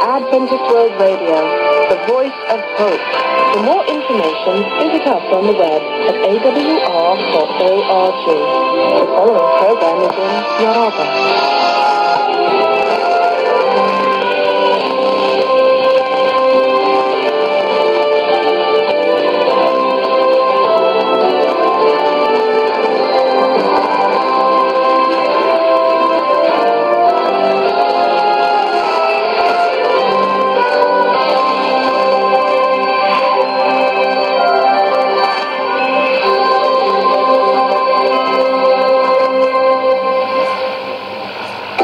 Adventist World Radio the voice of hope. For more information, visit us on the web at awr.org. The following program is in Yoruba.